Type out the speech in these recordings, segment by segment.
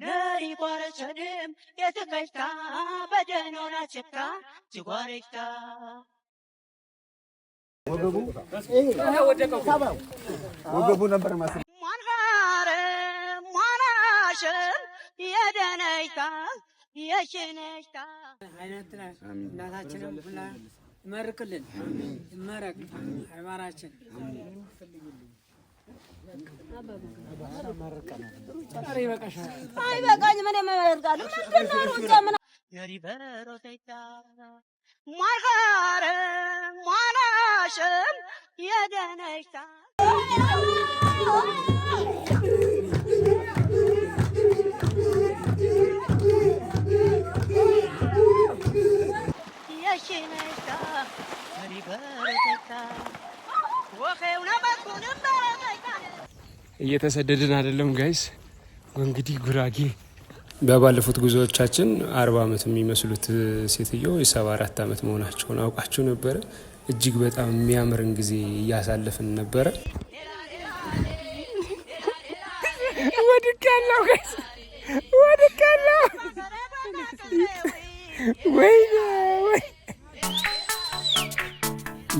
Nari gwara chadim, yata kaita, ወገቡ ነበር ማለት ሞናረ ሞናሽ የደነይታ የሽነይታ አይነት እናታችንም ብላ ይመርቅልን ይመረቅ ሃይማኖታችን አይበቃኝም። እኔ መርቃለሁ። ምንድን ነው ሩጫ? ምን ሟላሽም የደነታ የሽነታ እየተሰደድን አይደለም ጋይስ። እንግዲህ ጉራጌ በባለፉት ጉዞዎቻችን አርባ ዓመት የሚመስሉት ሴትዮ የሰባ አራት ዓመት መሆናቸውን አውቃቸው ነበረ። እጅግ በጣም የሚያምርን ጊዜ እያሳለፍን ነበረ። ወድቄያለሁ ጋይስ፣ ወይ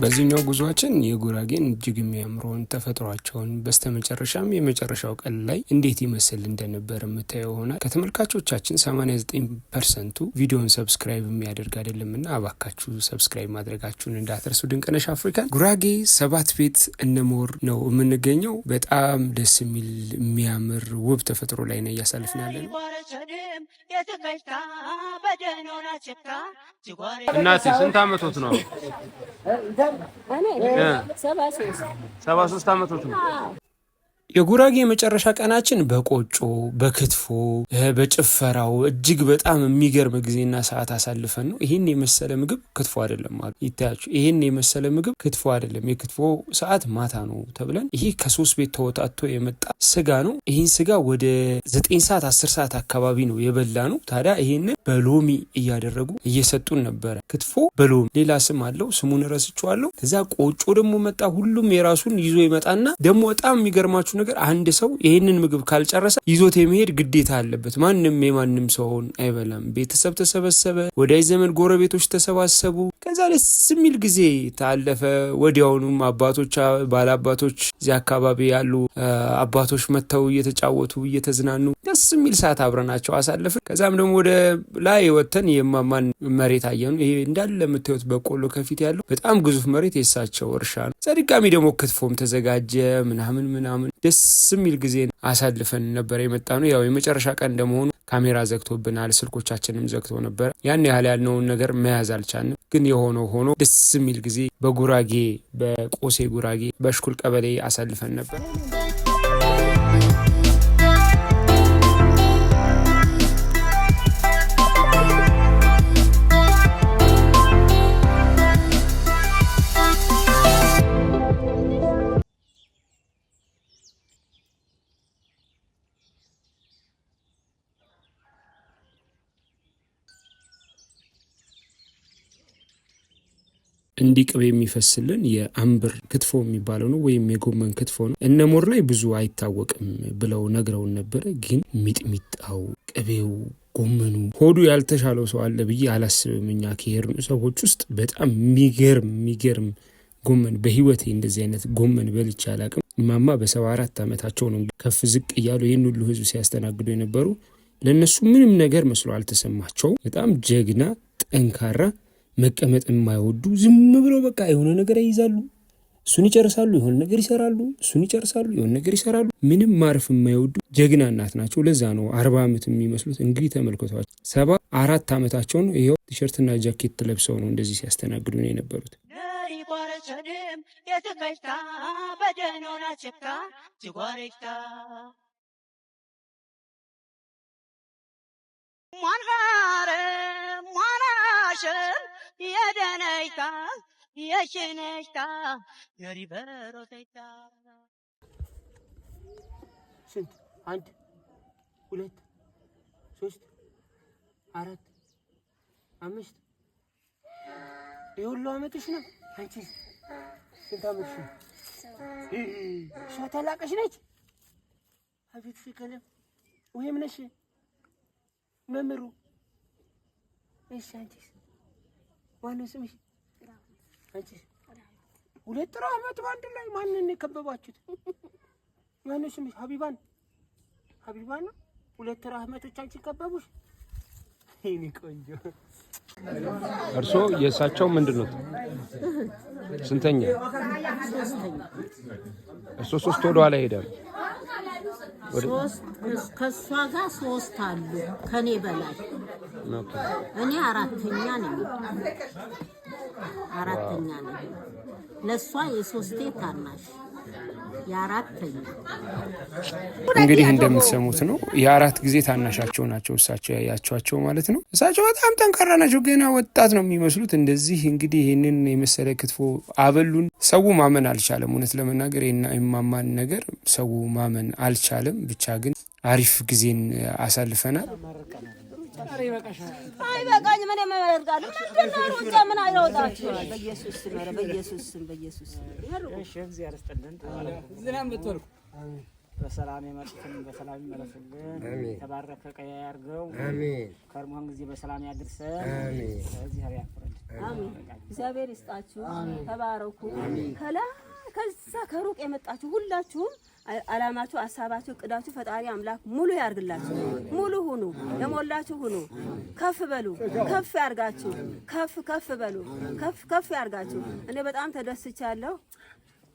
በዚህኛው ጉዟችን የጉራጌን እጅግ የሚያምረውን ተፈጥሯቸውን በስተመጨረሻም የመጨረሻው ቀን ላይ እንዴት ይመስል እንደነበር የምታየው ይሆናል። ከተመልካቾቻችን 89 ፐርሰንቱ ቪዲዮን ሰብስክራይብ የሚያደርግ አይደለም እና አባካችሁ ሰብስክራይብ ማድረጋችሁን እንዳትረሱ። ድንቅነሽ አፍሪካን ጉራጌ ሰባት ቤት እነሞር ነው የምንገኘው። በጣም ደስ የሚል የሚያምር ውብ ተፈጥሮ ላይ ነው እያሳልፍናለ ነው። እናቴ ስንት አመቶት ነው? ሰባ ሶስት አመቶት ነው። የጉራጌ የመጨረሻ ቀናችን በቆጮ፣ በክትፎ፣ በጭፈራው እጅግ በጣም የሚገርም ጊዜና ሰዓት አሳልፈን ነው። ይህን የመሰለ ምግብ ክትፎ አይደለም አሉ ይህን የመሰለ ምግብ ክትፎ አይደለም፣ የክትፎ ሰዓት ማታ ነው ተብለን ይህ ከሶስት ቤት ተወጣቶ የመጣ ስጋ ነው። ይህን ስጋ ወደ ዘጠኝ ሰዓት አስር ሰዓት አካባቢ ነው የበላ ነው። ታዲያ ይህንን በሎሚ እያደረጉ እየሰጡን ነበረ። ክትፎ በሎሚ ሌላ ስም አለው፣ ስሙን ረስችዋለሁ። ከዛ ቆጮ ደግሞ መጣ። ሁሉም የራሱን ይዞ ይመጣና ደግሞ በጣም የሚገርማችሁ ነገር አንድ ሰው ይህንን ምግብ ካልጨረሰ ይዞት የመሄድ ግዴታ አለበት። ማንም የማንም ሰውን አይበላም። ቤተሰብ ተሰበሰበ፣ ወዳጅ ዘመድ፣ ጎረቤቶች ተሰባሰቡ። ከዛ ደስ የሚል ጊዜ ታለፈ። ወዲያውኑም አባቶች፣ ባለአባቶች እዚህ አካባቢ ያሉ አባቶች መጥተው እየተጫወቱ እየተዝናኑ ደስ የሚል ሰዓት አብረናቸው አሳለፍን። ከዛም ደግሞ ወደ ላይ ወጥተን የማማን መሬት አየኑ። ይሄ እንዳለ የምታዩት በቆሎ ከፊት ያለው በጣም ግዙፍ መሬት የሳቸው እርሻ ነው። ዛ ድጋሚ ደግሞ ክትፎም ተዘጋጀ ምናምን ምናምን ደስ የሚል ጊዜ አሳልፈን ነበር የመጣ ነው። ያው የመጨረሻ ቀን እንደመሆኑ ካሜራ ዘግቶብናል፣ ስልኮቻችንም ዘግቶ ነበር። ያን ያህል ያልነውን ነገር መያዝ አልቻልንም። ግን የሆነው ሆኖ ደስ የሚል ጊዜ በጉራጌ በቆሴ ጉራጌ በሽኩል ቀበሌ አሳልፈን ነበር። እንዲህ ቅቤ የሚፈስልን የአንብር ክትፎ የሚባለው ነው ወይም የጎመን ክትፎ ነው። እነሞር ላይ ብዙ አይታወቅም ብለው ነግረውን ነበረ። ግን ሚጥሚጣው፣ ቅቤው ጎመኑ ሆዱ ያልተሻለው ሰው አለ ብዬ አላስብም። እኛ ከሄድን ሰዎች ውስጥ በጣም የሚገርም የሚገርም ጎመን በህይወቴ እንደዚህ አይነት ጎመን በልቼ አላቅም። ማማ በሰባ አራት ዓመታቸው ነው ከፍ ዝቅ እያሉ ይህን ሁሉ ህዝብ ሲያስተናግዱ የነበሩ። ለእነሱ ምንም ነገር መስሎ አልተሰማቸው። በጣም ጀግና ጠንካራ መቀመጥ የማይወዱ ዝም ብለው በቃ የሆነ ነገር ይይዛሉ፣ እሱን ይጨርሳሉ፣ የሆነ ነገር ይሰራሉ፣ እሱን ይጨርሳሉ፣ የሆነ ነገር ይሰራሉ። ምንም ማረፍ የማይወዱ ጀግና እናት ናቸው። ለዛ ነው አርባ ዓመት የሚመስሉት። እንግዲህ ተመልክቷቸው ሰባ አራት ዓመታቸውን ይኸው ቲሸርትና ጃኬት ለብሰው ነው እንደዚህ ሲያስተናግዱ ነው የነበሩት። ሟናረ ሟናሸን ስንት? አንድ ሁለት ሶስት አራት አምስት የሁሉ አመትሽ ነው። አንቺ ስንት አመትሽ ነው? እሷ ነች። አቤት ፍቅርም ወይም ነሽ መምሩ እሺ አንቺስ ማነው ስምሽ? አንቺ ሁለት ራህመት በአንድ ላይ ማንን የከበባችሁት? ማነው ስምሽ? ሀቢባን ሀቢባን ነው። ሁለት ራህመቶች አንቺን ከበቡሽ። ይሄኔ ቆንጆ እርሶ የእሳቸው ምንድን ነው? ስንተኛ? እርሶ ሶስት ወደ ሄዳሉ። ከእሷ ጋር ሶስት አሉ ከኔ በላይ እኔ አራተኛ ነኝ፣ አራተኛ ነኝ። ለእሷ የሶስቴ ታናሽ እንግዲህ እንደምትሰሙት ነው። የአራት ጊዜ ታናሻቸው ናቸው እሳቸው ያያቸዋቸው ማለት ነው። እሳቸው በጣም ጠንካራ ናቸው። ገና ወጣት ነው የሚመስሉት። እንደዚህ እንግዲህ ይህንን የመሰለ ክትፎ አበሉን። ሰው ማመን አልቻለም። እውነት ለመናገር የማማን ነገር ሰው ማመን አልቻለም። ብቻ ግን አሪፍ ጊዜን አሳልፈናል። አይበቃኝ ምን የማያርጋል ምንድን ነው ሩጫ ምን አይሮጣችኋል በኢየሱስ ስም ኧረ በኢየሱስ ስም በኢየሱስ ስም እሺ እግዚአብሔር ይስጥልን ዝናም ብትወልቁ በሰላም የመጡትን በሰላም ይመለሱልን። የተባረከ ቀያ ያርገው። ከርሞን ጊዜ በሰላም ያድርሰን። እግዚአብሔር ያክብረን። እግዚአብሔር ይስጣችሁ። ተባረኩ። ከላ ከዛ ከሩቅ የመጣችሁ ሁላችሁም አላማችሁ፣ ሀሳባችሁ፣ ቅዳችሁ ፈጣሪ አምላክ ሙሉ ያርግላችሁ። ሙሉ ሁኑ፣ የሞላችሁ ሁኑ። ከፍ በሉ፣ ከፍ ያርጋችሁ። ከፍ ከፍ በሉ፣ ከፍ ከፍ ያርጋችሁ። እኔ በጣም ተደስቻለሁ።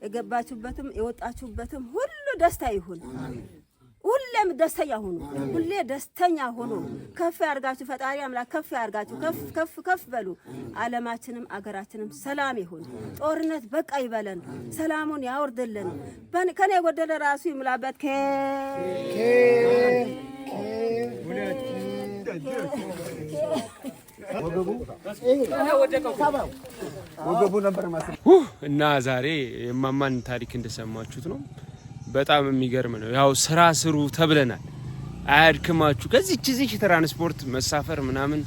የገባችሁበትም የወጣችሁበትም ሁሉ ደስታ ይሁን። ሁሌም ደስተኛ ሆኑ፣ ሁሌ ደስተኛ ሆኑ። ከፍ ያርጋችሁ ፈጣሪ አምላክ ከፍ ያርጋችሁ። ከፍ ከፍ ከፍ በሉ። ዓለማችንም አገራችንም ሰላም ይሁን። ጦርነት በቃ ይበለን፣ ሰላሙን ያወርድልን። ከኔ የጎደለ ራሱ ይምላበት። እና ዛሬ የማማን ታሪክ እንደሰማችሁት ነው። በጣም የሚገርም ነው። ያው ስራ ስሩ ተብለናል። አያድክማችሁ ከዚች ዚች ትራንስፖርት መሳፈር ምናምን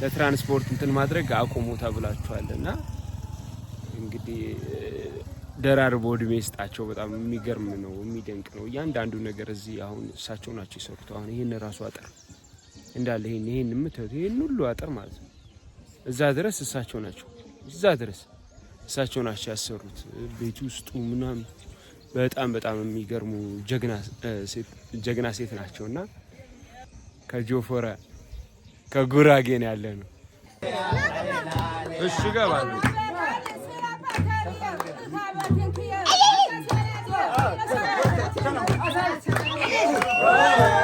ለትራንስፖርት እንትን ማድረግ አቁሙ ተብላችኋል። እና እንግዲህ ደራርቦ እድሜ ስጣቸው። በጣም የሚገርም ነው፣ የሚደንቅ ነው እያንዳንዱ ነገር። እዚህ አሁን እሳቸው ናቸው የሰሩት። አሁን ይህን ራሱ አጥር እንዳለ ይህን ይህን የምታዩት ይህን ሁሉ አጥር ማለት ነው እዛ ድረስ እሳቸው ናቸው፣ እዛ ድረስ እሳቸው ናቸው ያሰሩት ቤት ውስጡ ምናምን በጣም በጣም የሚገርሙ ጀግና ሴት ናቸው እና ከጆፎረ ከጉራጌ ነው ያለ ነው። እሺ ገባሉ Oh!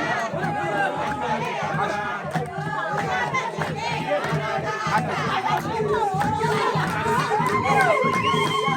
Yeah.